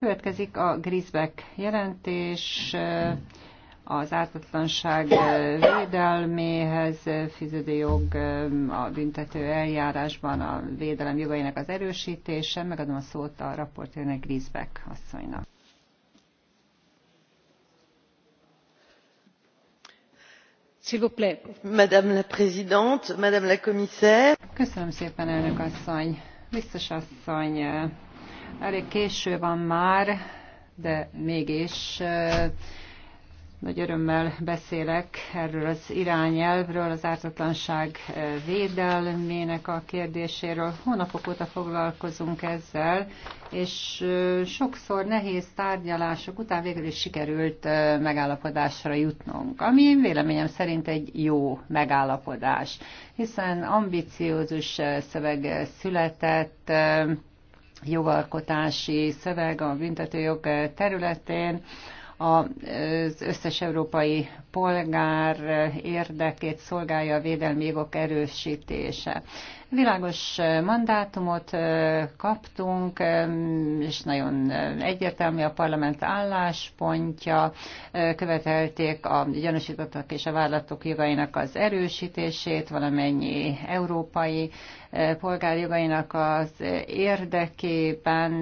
Következik a Grisbeck jelentés az ártatlanság védelméhez fizető jog a büntető eljárásban a védelem jogainak az erősítése. Megadom a szót a raportőrnek Grisbeck asszonynak. Madame la Présidente, Madame la Commissaire. Köszönöm szépen, elnök asszony, biztos asszony, Elég késő van már, de mégis nagy örömmel beszélek erről az irányelvről, az ártatlanság védelmének a kérdéséről. Hónapok óta foglalkozunk ezzel, és sokszor nehéz tárgyalások után végül is sikerült megállapodásra jutnunk, ami véleményem szerint egy jó megállapodás, hiszen ambiciózus szöveg született, jogalkotási szöveg a büntetőjog területén az összes európai polgár érdekét szolgálja a védelmi jogok erősítése. Világos mandátumot kaptunk, és nagyon egyértelmű a parlament álláspontja, követelték a gyanúsítottak és a vállalatok jogainak az erősítését, valamennyi európai polgárjogainak az érdekében,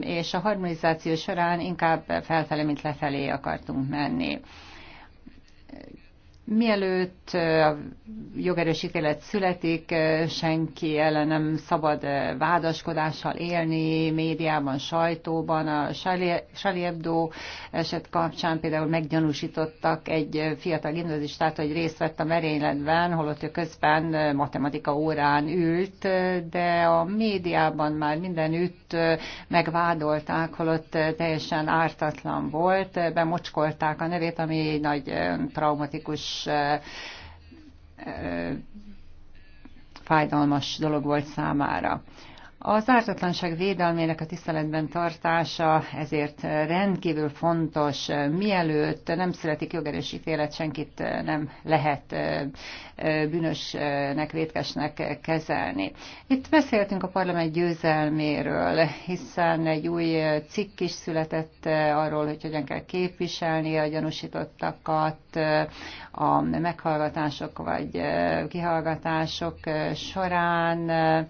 és a harmonizáció során inkább felfelé, mint lefelé akartunk menni Mielőtt a jogerősítélet születik, senki ellen nem szabad vádaskodással élni, médiában, sajtóban. A Charlie eset kapcsán például meggyanúsítottak egy fiatal gimnazistát, hogy részt vett a merényletben, holott ő közben matematika órán ült, de a médiában már mindenütt megvádolták, holott teljesen ártatlan volt, bemocskolták a nevét, ami egy nagy traumatikus borzalmas fájdalmas dolog volt számára. Az ártatlanság védelmének a tiszteletben tartása ezért rendkívül fontos. Mielőtt nem születik jogerős ítélet, senkit nem lehet bűnösnek, vétkesnek kezelni. Itt beszéltünk a parlament győzelméről, hiszen egy új cikk is született arról, hogy hogyan kell képviselni a gyanúsítottakat a meghallgatások vagy kihallgatások során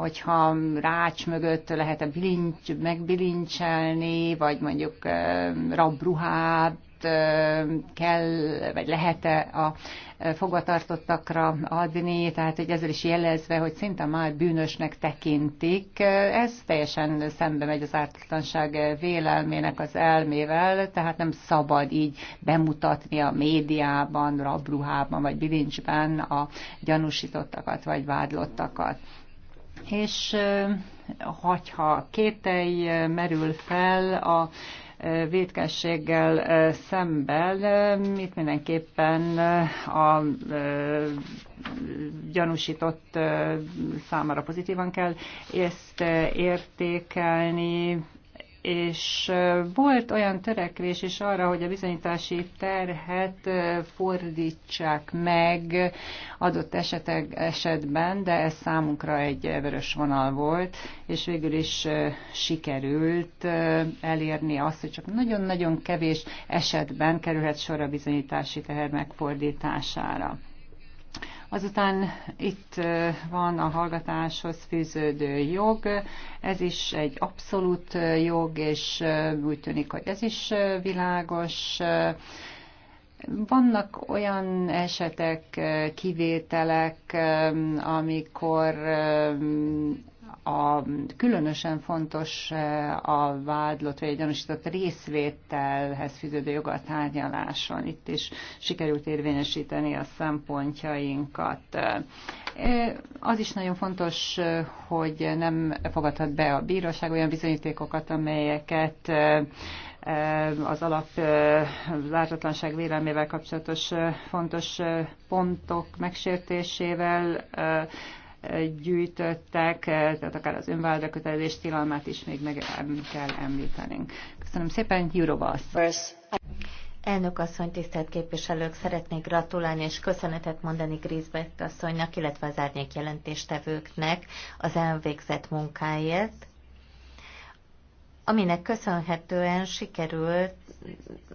hogyha rács mögött lehet-e bilincs, megbilincselni, vagy mondjuk rabruhát kell, vagy lehet-e a fogvatartottakra adni, tehát hogy ezzel is jelezve, hogy szinte már bűnösnek tekintik. Ez teljesen szembe megy az ártatlanság vélelmének az elmével, tehát nem szabad így bemutatni a médiában, rabruhában vagy bilincsben a gyanúsítottakat vagy vádlottakat és hogyha kételj merül fel a védkességgel szemben, mit mindenképpen a gyanúsított számára pozitívan kell ezt értékelni, és volt olyan törekvés is arra, hogy a bizonyítási terhet fordítsák meg adott esetek, esetben, de ez számunkra egy vörös vonal volt, és végül is sikerült elérni azt, hogy csak nagyon-nagyon kevés esetben kerülhet sor a bizonyítási teher megfordítására. Azután itt van a hallgatáshoz fűződő jog, ez is egy abszolút jog, és úgy tűnik, hogy ez is világos. Vannak olyan esetek, kivételek, amikor a, különösen fontos eh, a vádlott vagy gyanúsított részvételhez fűződő joga a tárgyaláson. Itt is sikerült érvényesíteni a szempontjainkat. Eh, az is nagyon fontos, hogy nem fogadhat be a bíróság olyan bizonyítékokat, amelyeket eh, az alap az vélemével kapcsolatos fontos pontok megsértésével gyűjtöttek, tehát akár az önvállalra kötelezés tilalmát is még meg kell említenünk. Köszönöm szépen, Jurova Elnök asszony, tisztelt képviselők, szeretnék gratulálni és köszönetet mondani Grisbert asszonynak, illetve az árnyék jelentéstevőknek az elvégzett munkáért aminek köszönhetően sikerült,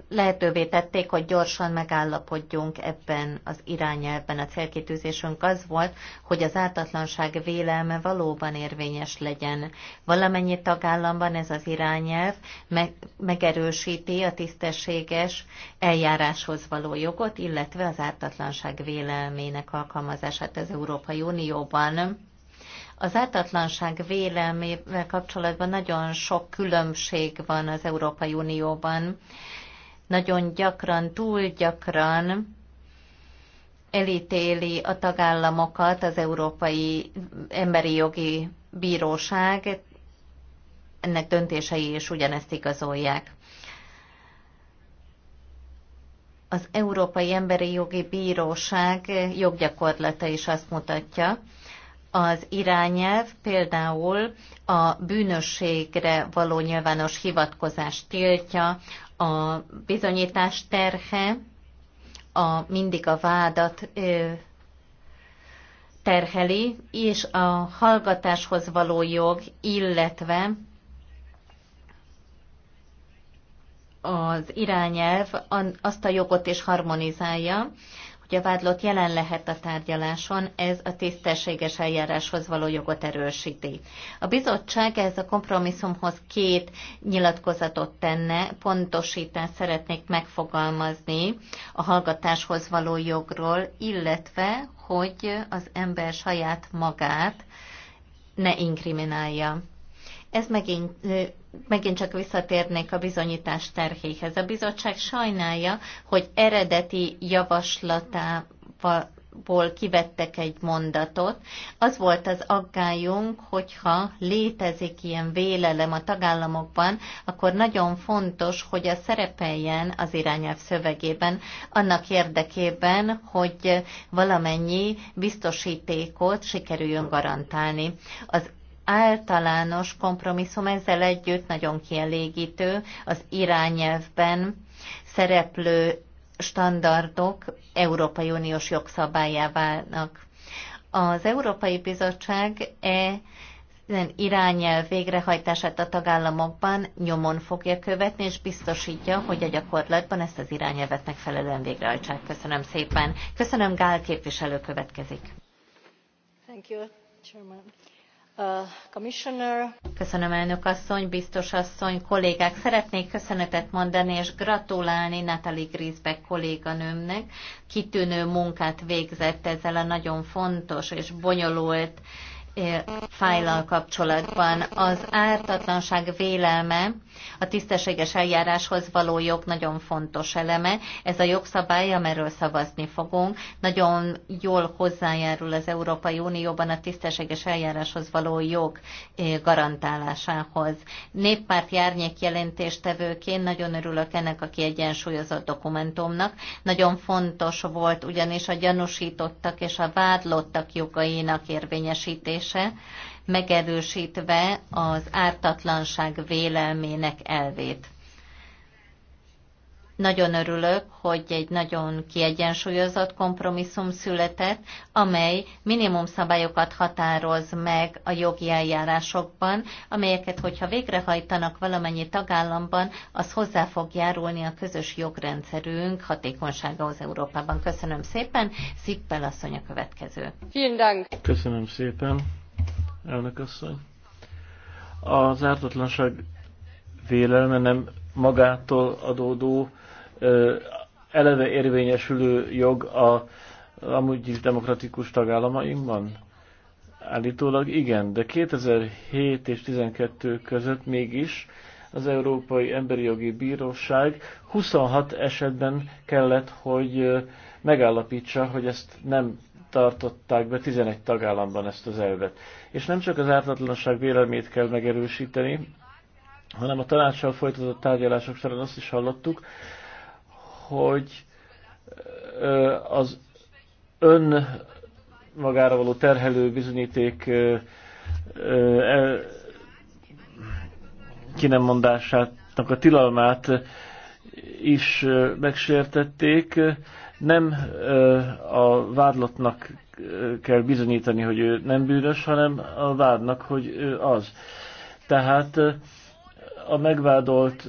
lehetővé tették, hogy gyorsan megállapodjunk ebben az irányelben. A célkitűzésünk az volt, hogy az ártatlanság vélelme valóban érvényes legyen. Valamennyi tagállamban ez az irányelv meg, megerősíti a tisztességes eljáráshoz való jogot, illetve az ártatlanság vélelmének alkalmazását az Európai Unióban. Az ártatlanság vélelmével kapcsolatban nagyon sok különbség van az Európai Unióban. Nagyon gyakran, túl gyakran elítéli a tagállamokat az Európai Emberi Jogi Bíróság, ennek döntései is ugyanezt igazolják. Az Európai Emberi Jogi Bíróság joggyakorlata is azt mutatja, az irányelv például a bűnösségre való nyilvános hivatkozást tiltja, a bizonyítás terhe, a mindig a vádat terheli, és a hallgatáshoz való jog, illetve az irányelv azt a jogot is harmonizálja, hogy a vádlott jelen lehet a tárgyaláson, ez a tisztességes eljáráshoz való jogot erősíti. A bizottság ez a kompromisszumhoz két nyilatkozatot tenne, pontosítást szeretnék megfogalmazni a hallgatáshoz való jogról, illetve, hogy az ember saját magát ne inkriminálja. Ez megint megint csak visszatérnék a bizonyítás terhéhez. A bizottság sajnálja, hogy eredeti javaslatából kivettek egy mondatot. Az volt az aggályunk, hogyha létezik ilyen vélelem a tagállamokban, akkor nagyon fontos, hogy a szerepeljen az irányelv szövegében, annak érdekében, hogy valamennyi biztosítékot sikerüljön garantálni. Az általános kompromisszum ezzel együtt nagyon kielégítő az irányelvben szereplő standardok Európai Uniós jogszabályá válnak. Az Európai Bizottság e irányel végrehajtását a tagállamokban nyomon fogja követni, és biztosítja, hogy a gyakorlatban ezt az irányelvet megfelelően végrehajtsák. Köszönöm szépen. Köszönöm, Gál képviselő következik. Thank you, Chairman. Uh, Köszönöm, elnök asszony, biztos asszony, kollégák. Szeretnék köszönetet mondani és gratulálni Natalie Grisbeck kolléganőmnek. Kitűnő munkát végzett ezzel a nagyon fontos és bonyolult fájlal kapcsolatban. Az ártatlanság vélelme a tisztességes eljáráshoz való jog nagyon fontos eleme. Ez a jogszabály, amiről szavazni fogunk, nagyon jól hozzájárul az Európai Unióban a tisztességes eljáráshoz való jog eh, garantálásához. Néppárt járnyék jelentéstevőként nagyon örülök ennek a kiegyensúlyozott dokumentumnak. Nagyon fontos volt ugyanis a gyanúsítottak és a vádlottak jogainak érvényesítés kérdése, megerősítve az ártatlanság vélelmének elvét. Nagyon örülök, hogy egy nagyon kiegyensúlyozott kompromisszum született, amely minimum szabályokat határoz meg a jogi eljárásokban, amelyeket, hogyha végrehajtanak valamennyi tagállamban, az hozzá fog járulni a közös jogrendszerünk hatékonyságához Európában. Köszönöm szépen. Szippel asszony a következő. Köszönöm szépen, elnök asszony. Az ártatlanság vélelme nem magától adódó eleve érvényesülő jog a amúgy is demokratikus tagállamainkban? Állítólag igen, de 2007 és 2012 között mégis az Európai Emberi Jogi Bíróság 26 esetben kellett, hogy megállapítsa, hogy ezt nem tartották be 11 tagállamban ezt az elvet. És nem csak az ártatlanság vélemét kell megerősíteni, hanem a tanácssal folytatott tárgyalások során azt is hallottuk, hogy az ön magára való terhelő bizonyíték kinemondásának a tilalmát is megsértették. Nem a vádlottnak kell bizonyítani, hogy ő nem bűnös, hanem a vádnak, hogy ő az. Tehát a megvádolt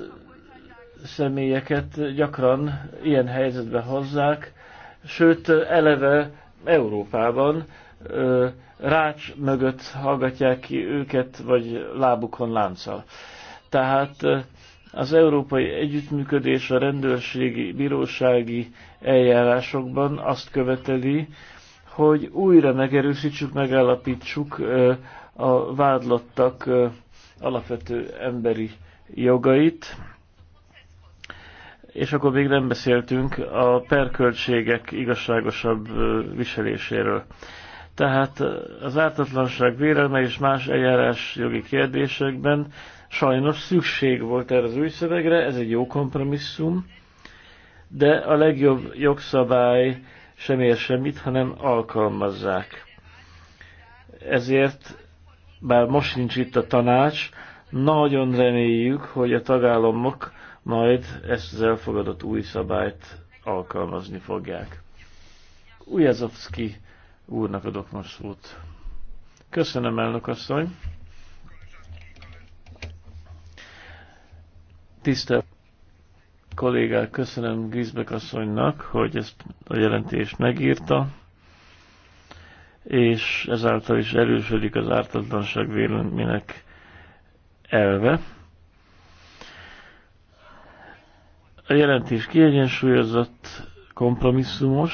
személyeket gyakran ilyen helyzetbe hozzák, sőt eleve Európában rács mögött hallgatják ki őket, vagy lábukon lánccal. Tehát az európai együttműködés a rendőrségi, bírósági eljárásokban azt követeli, hogy újra megerősítsük, megállapítsuk a vádlottak alapvető emberi jogait, és akkor még nem beszéltünk a perköltségek igazságosabb viseléséről. Tehát az ártatlanság vélelme és más eljárás jogi kérdésekben sajnos szükség volt erre az új szövegre, ez egy jó kompromisszum, de a legjobb jogszabály sem ér semmit, hanem alkalmazzák. Ezért, bár most nincs itt a tanács, nagyon reméljük, hogy a tagállamok majd ezt az elfogadott új szabályt alkalmazni fogják. Ujazovszki úrnak adok most szót. Köszönöm, elnök asszony. Tisztelt kollégák, köszönöm Gizbek asszonynak, hogy ezt a jelentést megírta, és ezáltal is erősödik az ártatlanság véleménynek elve. A jelentés kiegyensúlyozott, kompromisszumos,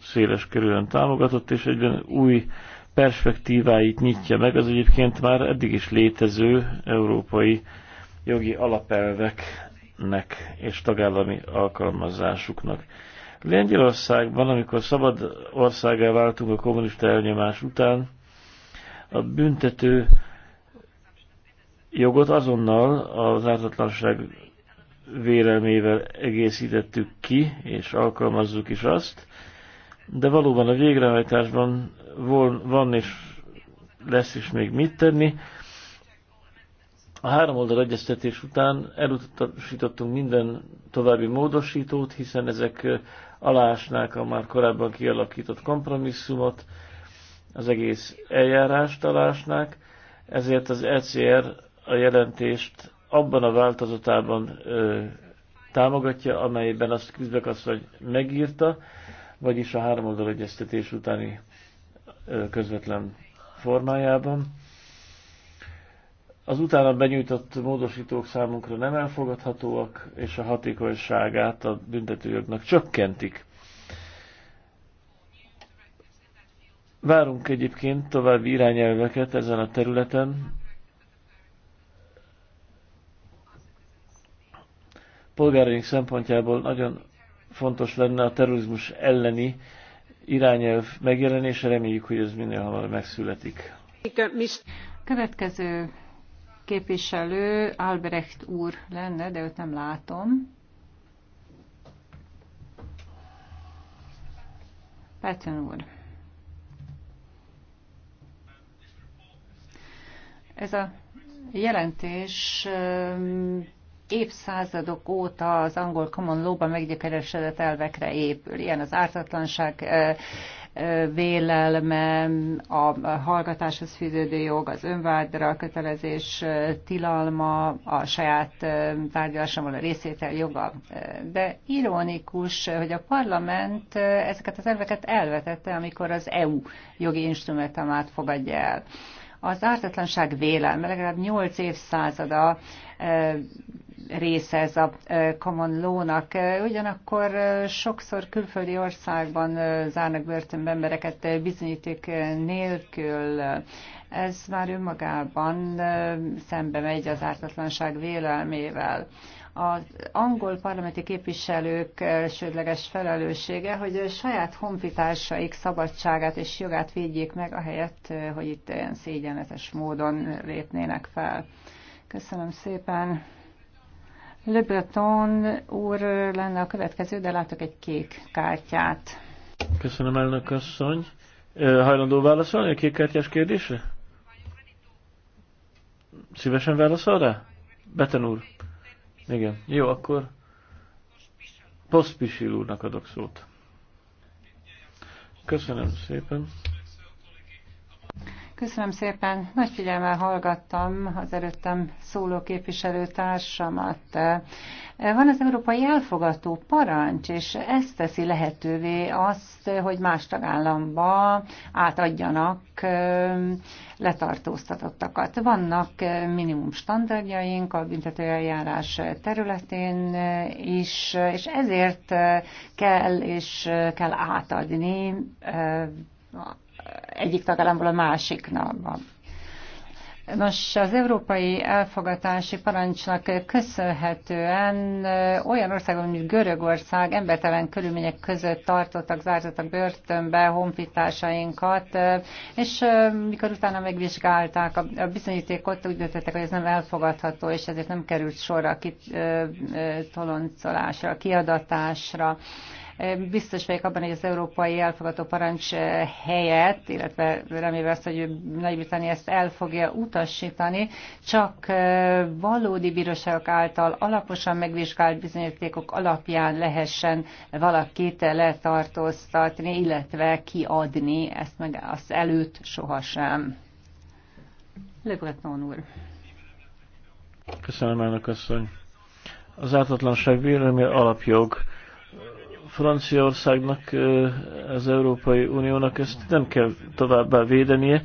széles körülön támogatott, és egyben új perspektíváit nyitja meg az egyébként már eddig is létező európai jogi alapelveknek és tagállami alkalmazásuknak. Lengyelországban, amikor szabad országá váltunk a kommunista elnyomás után, a büntető jogot azonnal az ártatlanság vélemével egészítettük ki, és alkalmazzuk is azt, de valóban a végrehajtásban van és lesz is még mit tenni. A három oldal egyeztetés után elutasítottunk minden további módosítót, hiszen ezek alásnák a már korábban kialakított kompromisszumot, az egész eljárást alásnák, ezért az ECR a jelentést abban a változatában ö, támogatja, amelyben azt azt, hogy megírta, vagyis a oldal egyeztetés utáni ö, közvetlen formájában. Az utána benyújtott módosítók számunkra nem elfogadhatóak, és a hatékonyságát a büntetőjognak csökkentik. Várunk egyébként további irányelveket ezen a területen, polgáraink szempontjából nagyon fontos lenne a terrorizmus elleni irányelv megjelenése. Reméljük, hogy ez minél hamarabb megszületik. Következő képviselő Albrecht úr lenne, de őt nem látom. Patton úr. Ez a jelentés évszázadok óta az angol common law-ban meggyakeresedett elvekre épül. Ilyen az ártatlanság vélelme, a hallgatáshoz fűződő jog, az önvádra kötelezés tilalma, a saját tárgyalásommal a részétel joga. De ironikus, hogy a parlament ezeket az elveket elvetette, amikor az EU jogi instrumentumát fogadja el. Az ártatlanság vélelme legalább 8 évszázada része ez a common law-nak. Ugyanakkor sokszor külföldi országban zárnak börtönbe embereket bizonyíték nélkül. Ez már önmagában szembe megy az ártatlanság vélelmével az angol parlamenti képviselők elsődleges felelőssége, hogy saját honfitársaik szabadságát és jogát védjék meg, ahelyett, hogy itt ilyen szégyenletes módon lépnének fel. Köszönöm szépen! Le Breton úr lenne a következő, de látok egy kék kártyát. Köszönöm, elnök asszony. Hajlandó válaszolni a kék kártyás kérdésre? Szívesen válaszol rá? Beten úr. Igen. Jó, akkor Poszpisil úrnak adok szót. Köszönöm szépen. Köszönöm szépen. Nagy figyelmel hallgattam az előttem szóló képviselő társamat. Van az európai elfogató parancs, és ez teszi lehetővé azt, hogy más tagállamba átadjanak letartóztatottakat. Vannak minimum standardjaink a büntetőeljárás területén is, és ezért kell és kell átadni egyik tagállamból a másiknak. Nos, az európai elfogatási parancsnak köszönhetően olyan országok, mint Görögország embertelen körülmények között tartottak, zártottak börtönbe honfitársainkat, és mikor utána megvizsgálták a bizonyítékot, úgy döntöttek, hogy ez nem elfogadható, és ezért nem került sor a kitoloncolásra, a kiadatásra Biztos vagyok abban, hogy az európai elfogadó parancs eh, helyett, illetve remélve azt, hogy Nagy-Britannia ezt el fogja utasítani, csak eh, valódi bíróságok által alaposan megvizsgált bizonyítékok alapján lehessen valakit letartóztatni, illetve kiadni, ezt meg az előtt sohasem. Le úr. Köszönöm, elnök asszony. Az ártatlanság vélemény alapjog. Franciaországnak, az Európai Uniónak ezt nem kell továbbá védenie.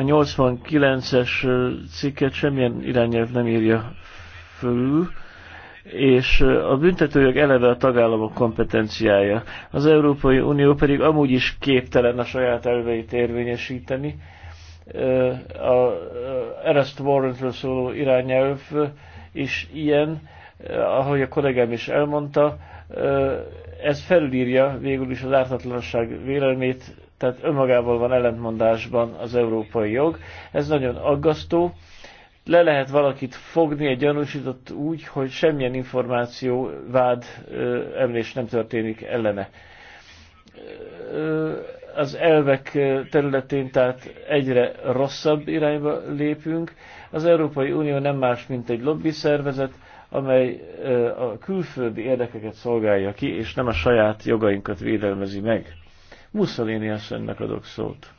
A 89-es cikket semmilyen irányelv nem írja fölül, és a büntetőjog eleve a tagállamok kompetenciája. Az Európai Unió pedig amúgy is képtelen a saját elveit érvényesíteni. A Arrest Warrantről szóló irányelv is ilyen, ahogy a kollégám is elmondta, ez felülírja végül is az ártatlanság vélelmét, tehát önmagával van ellentmondásban az európai jog. Ez nagyon aggasztó. Le lehet valakit fogni egy gyanúsított úgy, hogy semmilyen információ, vád, emlés nem történik ellene az elvek területén tehát egyre rosszabb irányba lépünk. Az Európai Unió nem más, mint egy lobby szervezet, amely a külföldi érdekeket szolgálja ki, és nem a saját jogainkat védelmezi meg. Mussolini ennek adok szót.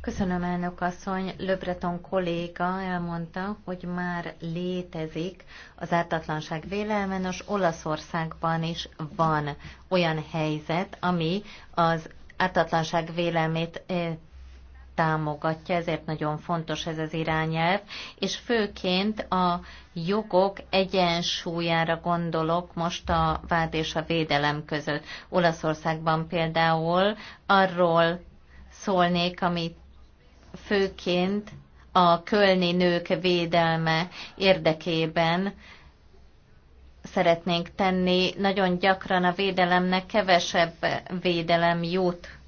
Köszönöm, elnök asszony. Löbreton kolléga elmondta, hogy már létezik az ártatlanság vélelme, nos Olaszországban is van olyan helyzet, ami az ártatlanság vélelmét támogatja, ezért nagyon fontos ez az irányelv, és főként a jogok egyensúlyára gondolok most a vád és a védelem között. Olaszországban például arról szólnék, amit főként a kölni nők védelme érdekében szeretnénk tenni. Nagyon gyakran a védelemnek kevesebb védelem jut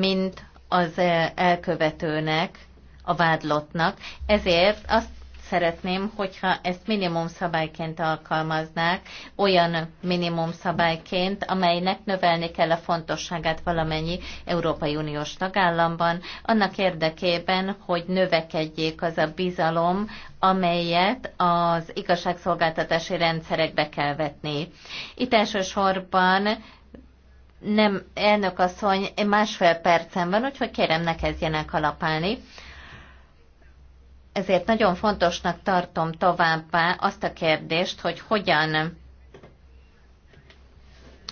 mint az e, elkövetőnek, a vádlottnak. Ezért azt szeretném, hogyha ezt minimum szabályként alkalmaznák, olyan minimum szabályként, amelynek növelni kell a fontosságát valamennyi Európai Uniós tagállamban, annak érdekében, hogy növekedjék az a bizalom, amelyet az igazságszolgáltatási rendszerekbe kell vetni. Itt elsősorban nem, elnök asszony, másfél percem van, úgyhogy kérem ne kezdjenek alapálni. Ezért nagyon fontosnak tartom továbbá azt a kérdést, hogy hogyan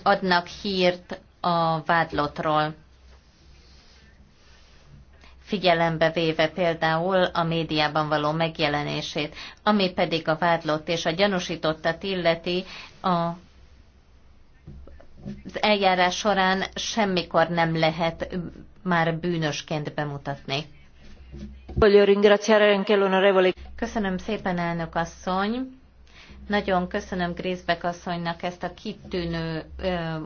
adnak hírt a vádlotról. Figyelembe véve például a médiában való megjelenését, ami pedig a vádlott és a gyanúsítottat illeti, a az eljárás során semmikor nem lehet már bűnösként bemutatni. Köszönöm szépen, elnök asszony! Nagyon köszönöm Grészbek asszonynak ezt a kitűnő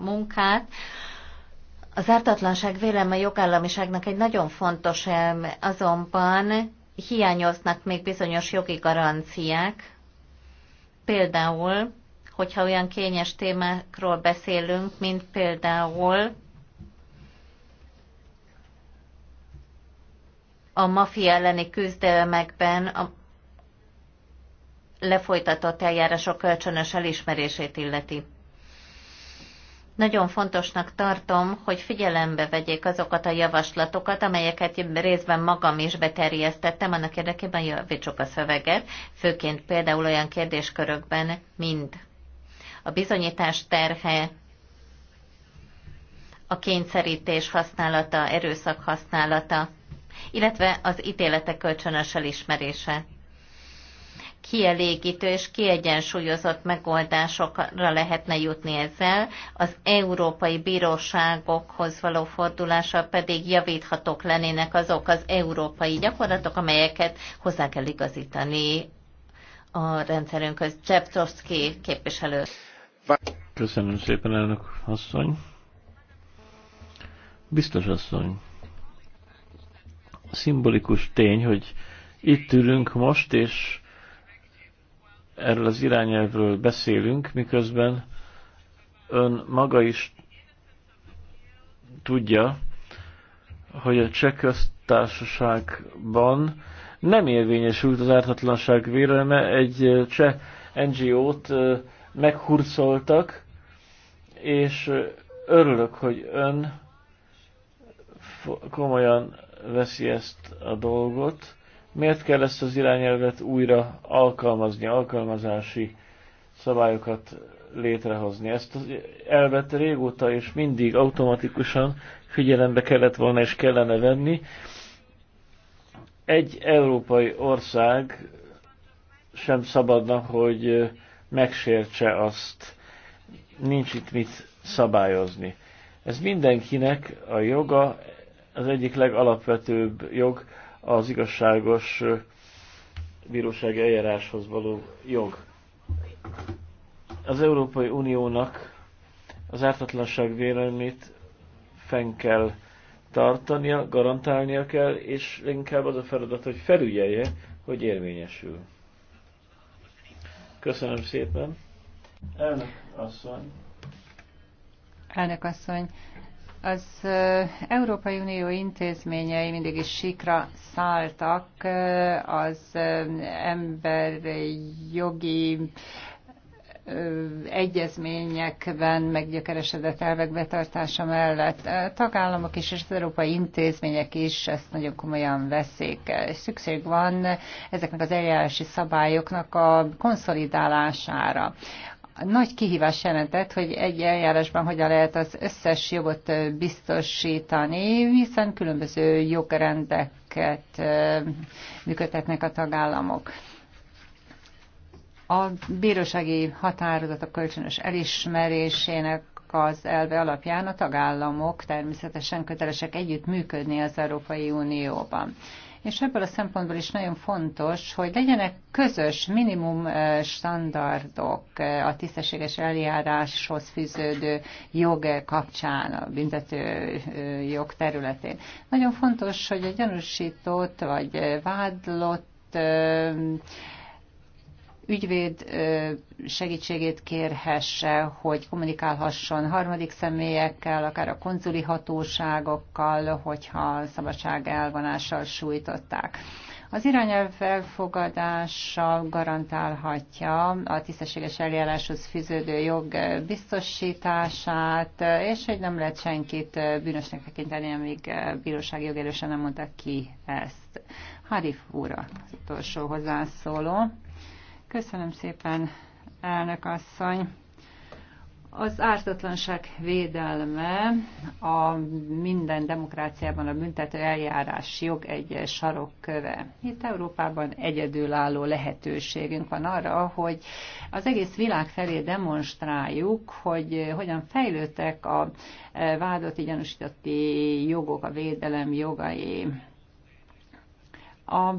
munkát. Az ártatlanság véleme jogállamiságnak egy nagyon fontos elm, azonban hiányoznak még bizonyos jogi garanciák, például hogyha olyan kényes témákról beszélünk, mint például a mafia elleni küzdelmekben a lefolytatott eljárások kölcsönös elismerését illeti. Nagyon fontosnak tartom, hogy figyelembe vegyék azokat a javaslatokat, amelyeket részben magam is beterjesztettem, annak érdekében javítsuk a szöveget, főként például olyan kérdéskörökben, mint a bizonyítás terhe, a kényszerítés használata, erőszak használata, illetve az ítéletek kölcsönös elismerése. Kielégítő és kiegyensúlyozott megoldásokra lehetne jutni ezzel, az európai bíróságokhoz való fordulása pedig javíthatók lennének azok az európai gyakorlatok, amelyeket hozzá kell igazítani a rendszerünkhöz. Cseptovszki képviselő. Köszönöm szépen, elnök asszony. Biztos asszony. Szimbolikus tény, hogy itt ülünk most, és erről az irányelvről beszélünk, miközben ön maga is tudja, hogy a cseh köztársaságban nem érvényesült az ártatlanság véleme, egy cseh NGO-t meghurcoltak, és örülök, hogy ön komolyan veszi ezt a dolgot. Miért kell ezt az irányelvet újra alkalmazni, alkalmazási szabályokat létrehozni? Ezt az elvet régóta és mindig automatikusan figyelembe kellett volna és kellene venni. Egy európai ország sem szabadna, hogy megsértse azt, nincs itt mit szabályozni. Ez mindenkinek a joga, az egyik legalapvetőbb jog az igazságos bírósági eljáráshoz való jog. Az Európai Uniónak az ártatlanság vélelmét fenn kell tartania, garantálnia kell, és inkább az a feladat, hogy felügyelje, hogy érvényesül. Köszönöm szépen. Elnök asszony. Elnök asszony. Az Európai Unió intézményei mindig is sikra szálltak az emberi jogi egyezményekben meggyökeresedett elvek betartása mellett tagállamok is és az európai intézmények is ezt nagyon komolyan veszik. Szükség van ezeknek az eljárási szabályoknak a konszolidálására nagy kihívás jelentett, hogy egy eljárásban hogyan lehet az összes jogot biztosítani, hiszen különböző jogrendeket működtetnek a tagállamok. A bírósági a kölcsönös elismerésének az elve alapján a tagállamok természetesen kötelesek együtt működni az Európai Unióban. És ebből a szempontból is nagyon fontos, hogy legyenek közös minimum eh, standardok eh, a tisztességes eljáráshoz fűződő jog kapcsán, a büntető eh, jog területén. Nagyon fontos, hogy a gyanúsított vagy vádlott ügyvéd segítségét kérhesse, hogy kommunikálhasson harmadik személyekkel, akár a konzuli hatóságokkal, hogyha szabadság elvonással sújtották. Az irányelv elfogadása garantálhatja a tisztességes eljáráshoz fűződő jog biztosítását, és hogy nem lehet senkit bűnösnek tekinteni, amíg bírósági jogerősen nem mondta ki ezt. Harif úr az utolsó hozzászóló. Köszönöm szépen, elnök asszony. Az ártatlanság védelme a minden demokráciában a büntető eljárás jog egy sarokköve. Itt Európában egyedülálló lehetőségünk van arra, hogy az egész világ felé demonstráljuk, hogy hogyan fejlődtek a vádott gyanúsítati jogok, a védelem jogai a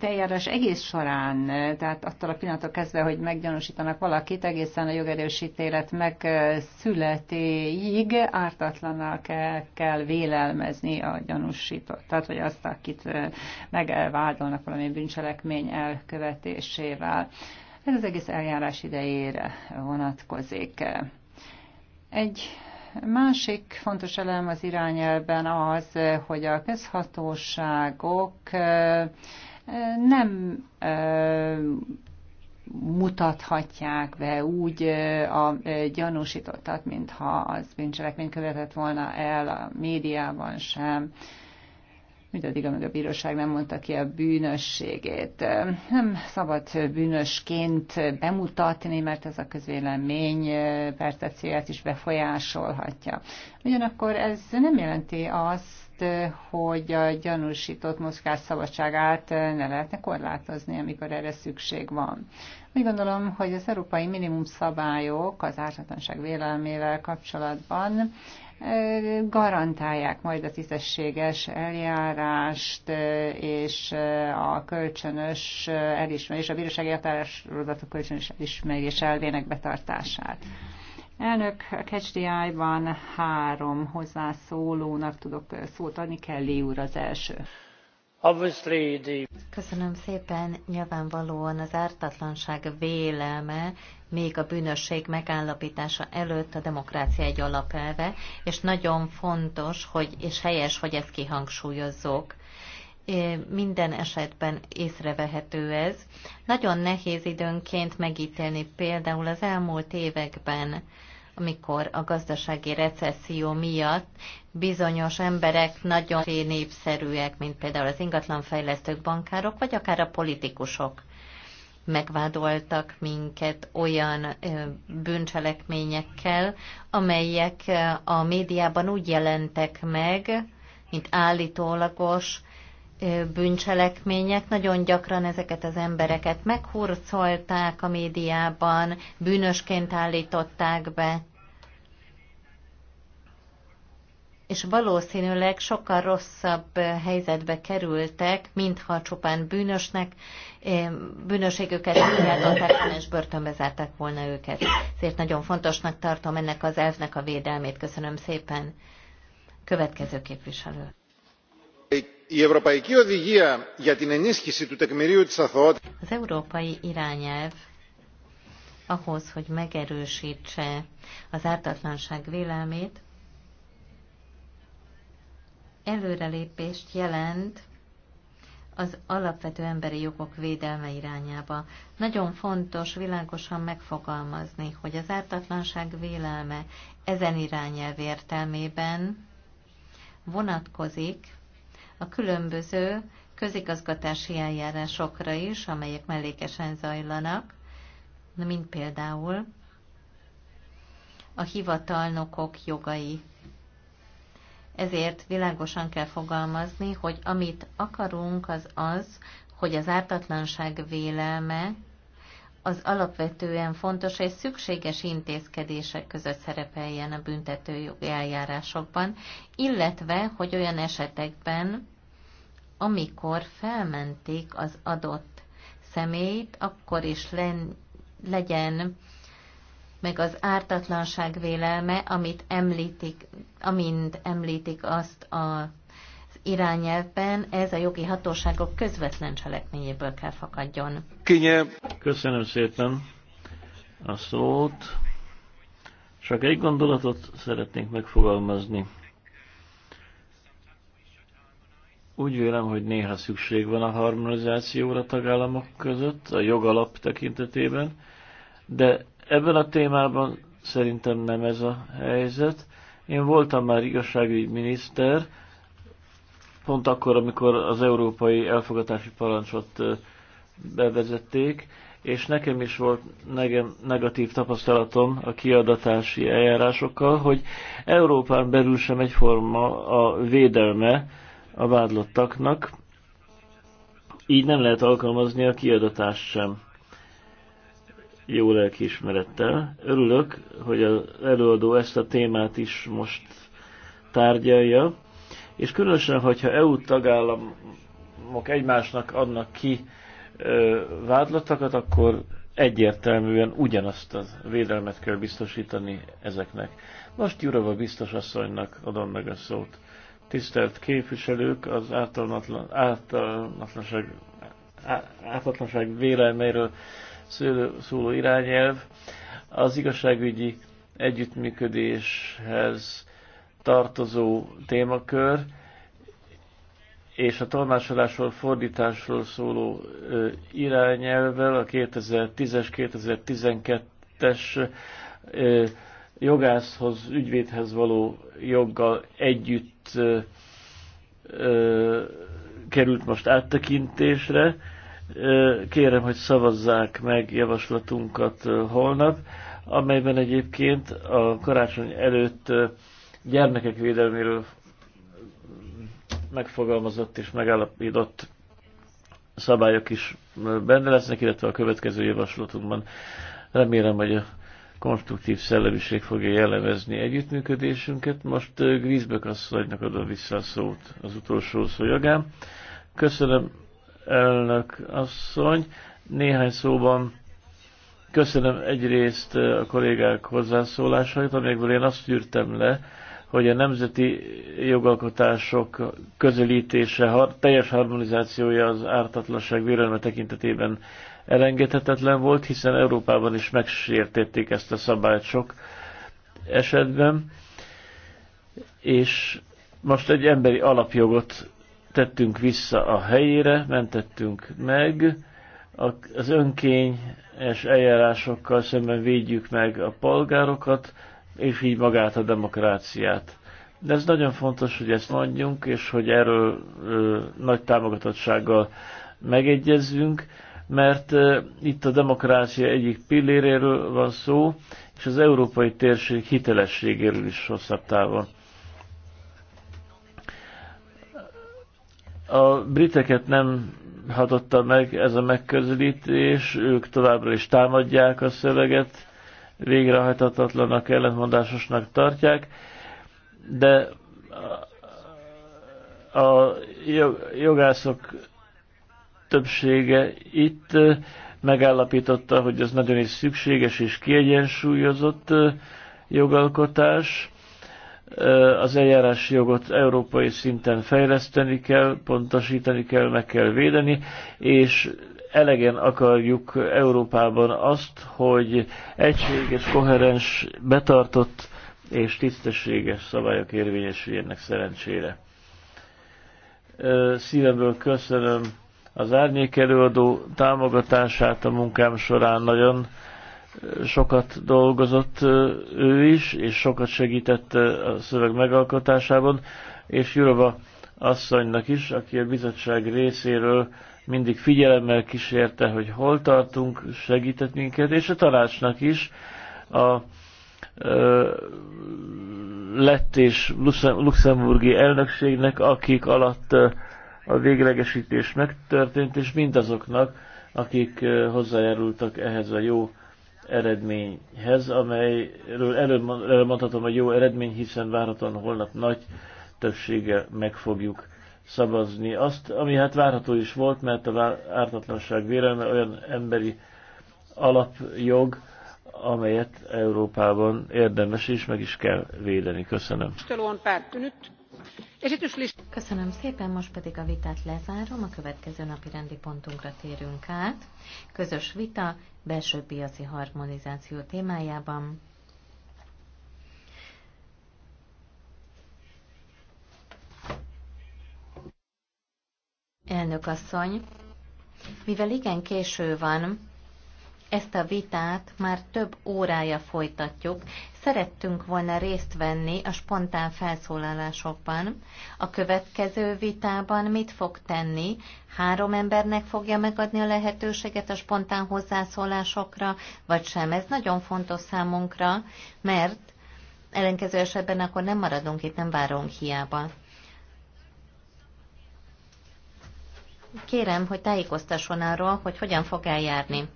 eljárás egész során, tehát attól a pillanattól kezdve, hogy meggyanúsítanak valakit, egészen a jogerősítélet megszületéig ártatlanak kell, kell vélelmezni a gyanúsított, tehát vagy azt, akit megvádolnak valami bűncselekmény elkövetésével. Ez az egész eljárás idejére vonatkozik. Egy Másik fontos elem az irányelben az, hogy a közhatóságok nem mutathatják be úgy a gyanúsítottat, mintha az bűncselekmény követett volna el a médiában sem mindaddig, amíg a bíróság nem mondta ki a bűnösségét. Nem szabad bűnösként bemutatni, mert ez a közvélemény percepcióját is befolyásolhatja. Ugyanakkor ez nem jelenti azt, hogy a gyanúsított mozgás szabadságát ne lehetne korlátozni, amikor erre szükség van. Úgy gondolom, hogy az európai minimum szabályok az ártatlanság vélelmével kapcsolatban garantálják majd a tisztességes eljárást és a kölcsönös elismerés, a bírósági határozatok kölcsönös elismerés elvének betartását. Elnök, a KCDI-ban három hozzászólónak tudok szót adni, Kelly úr az első. Köszönöm szépen. Nyilvánvalóan az ártatlanság vélelme még a bűnösség megállapítása előtt a demokrácia egy alapelve, és nagyon fontos, hogy, és helyes, hogy ezt kihangsúlyozzuk. Minden esetben észrevehető ez. Nagyon nehéz időnként megítélni például az elmúlt években amikor a gazdasági recesszió miatt bizonyos emberek nagyon népszerűek, mint például az ingatlanfejlesztők, bankárok, vagy akár a politikusok megvádoltak minket olyan bűncselekményekkel, amelyek a médiában úgy jelentek meg, mint állítólagos bűncselekmények nagyon gyakran ezeket az embereket meghurcolták a médiában, bűnösként állították be. És valószínűleg sokkal rosszabb helyzetbe kerültek, mintha csupán bűnösnek, bűnösségüket kiáltották volna, és börtönbe zárták volna őket. Ezért nagyon fontosnak tartom ennek az elvnek a védelmét. Köszönöm szépen. Következő képviselő. Az της αθωότητας ahhoz, hogy megerősítse az ártatlanság vélelmét, előrelépést jelent az alapvető emberi jogok védelme irányába. Nagyon fontos világosan megfogalmazni, hogy az ártatlanság vélelme ezen irányelv értelmében vonatkozik a különböző közigazgatási eljárásokra is, amelyek mellékesen zajlanak, mint például a hivatalnokok jogai. Ezért világosan kell fogalmazni, hogy amit akarunk, az az, hogy az ártatlanság vélelme az alapvetően fontos és szükséges intézkedések között szerepeljen a büntetőjogi eljárásokban, illetve hogy olyan esetekben, amikor felmentik az adott személyt, akkor is len, legyen meg az ártatlanság vélelme, amit említik, amint említik azt a irányelvben ez a jogi hatóságok közvetlen cselekményéből kell fakadjon. Kinye. Köszönöm szépen a szót. Csak egy gondolatot szeretnék megfogalmazni. Úgy vélem, hogy néha szükség van a harmonizációra a tagállamok között, a jogalap tekintetében, de ebben a témában szerintem nem ez a helyzet. Én voltam már igazságügyi miniszter, pont akkor, amikor az európai elfogadási parancsot bevezették, és nekem is volt negatív tapasztalatom a kiadatási eljárásokkal, hogy Európán belül sem egyforma a védelme a vádlottaknak, így nem lehet alkalmazni a kiadatást sem jó lelkiismerettel. Örülök, hogy az előadó ezt a témát is most tárgyalja, és különösen, hogyha EU tagállamok egymásnak adnak ki vádlatokat, akkor egyértelműen ugyanazt a védelmet kell biztosítani ezeknek. Most Jurova biztos asszonynak adom meg a szót. Tisztelt képviselők, az általanatlan, vélelmeiről szóló irányelv az igazságügyi együttműködéshez tartozó témakör, és a tolmásolásról, fordításról szóló irányelvvel a 2010-es, 2012-es jogászhoz, ügyvédhez való joggal együtt került most áttekintésre. Kérem, hogy szavazzák meg javaslatunkat holnap, amelyben egyébként a karácsony előtt gyermekek védelméről megfogalmazott és megállapított szabályok is benne lesznek, illetve a következő javaslatunkban remélem, hogy a konstruktív szellemiség fogja jellemezni együttműködésünket. Most Grízbök asszonynak adom vissza a szót az utolsó szó Köszönöm, elnök asszony. Néhány szóban köszönöm egyrészt a kollégák hozzászólásait, amelyekből én azt gyűrtem le, hogy a nemzeti jogalkotások közelítése, teljes harmonizációja az ártatlanság vélelme tekintetében elengedhetetlen volt, hiszen Európában is megsértették ezt a szabályt sok esetben, és most egy emberi alapjogot tettünk vissza a helyére, mentettünk meg, az önkényes eljárásokkal szemben védjük meg a polgárokat, és így magát a demokráciát. De ez nagyon fontos, hogy ezt mondjunk, és hogy erről ö, nagy támogatottsággal megegyezzünk, mert ö, itt a demokrácia egyik pilléréről van szó, és az európai térség hitelességéről is hosszabb távon. A briteket nem hatotta meg ez a megközelítés, ők továbbra is támadják a szöveget, végrehajtatatlanak, ellentmondásosnak tartják, de a jogászok többsége itt megállapította, hogy ez nagyon is szükséges és kiegyensúlyozott jogalkotás. Az eljárási jogot európai szinten fejleszteni kell, pontosítani kell, meg kell védeni, és elegen akarjuk Európában azt, hogy egységes, koherens, betartott és tisztességes szabályok érvényesüljenek szerencsére. Szívemből köszönöm az árnyék előadó támogatását a munkám során nagyon sokat dolgozott ő is, és sokat segített a szöveg megalkotásában, és Jurova asszonynak is, aki a bizottság részéről mindig figyelemmel kísérte, hogy hol tartunk, segített minket, és a tanácsnak is a ö, lett és luxemburgi elnökségnek, akik alatt a véglegesítés megtörtént, és mindazoknak, akik hozzájárultak ehhez a jó eredményhez, amelyről előbb mondhatom, hogy jó eredmény, hiszen várhatóan holnap nagy többsége meg fogjuk szavazni azt, ami hát várható is volt, mert a ártatlanság vélelme olyan emberi alapjog, amelyet Európában érdemes és meg is kell védeni. Köszönöm. Köszönöm szépen, most pedig a vitát lezárom, a következő napi rendi pontunkra térünk át. Közös vita belső piaci harmonizáció témájában. elnök asszony. Mivel igen késő van, ezt a vitát már több órája folytatjuk. Szerettünk volna részt venni a spontán felszólalásokban. A következő vitában mit fog tenni? Három embernek fogja megadni a lehetőséget a spontán hozzászólásokra, vagy sem? Ez nagyon fontos számunkra, mert ellenkező esetben akkor nem maradunk itt, nem várunk hiába. kérem, hogy tájékoztasson arról, hogy hogyan fog eljárni.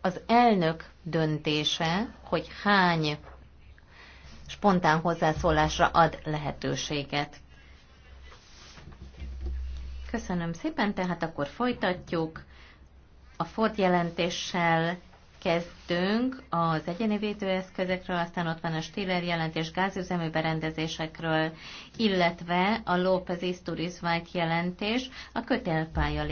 Az elnök döntése, hogy hány spontán hozzászólásra ad lehetőséget. Köszönöm szépen, tehát akkor folytatjuk a Ford jelentéssel kezdtünk az egyéni védőeszközökről, aztán ott van a Stiller jelentés gázüzemű berendezésekről, illetve a López Isturizvájt jelentés a kötélpálya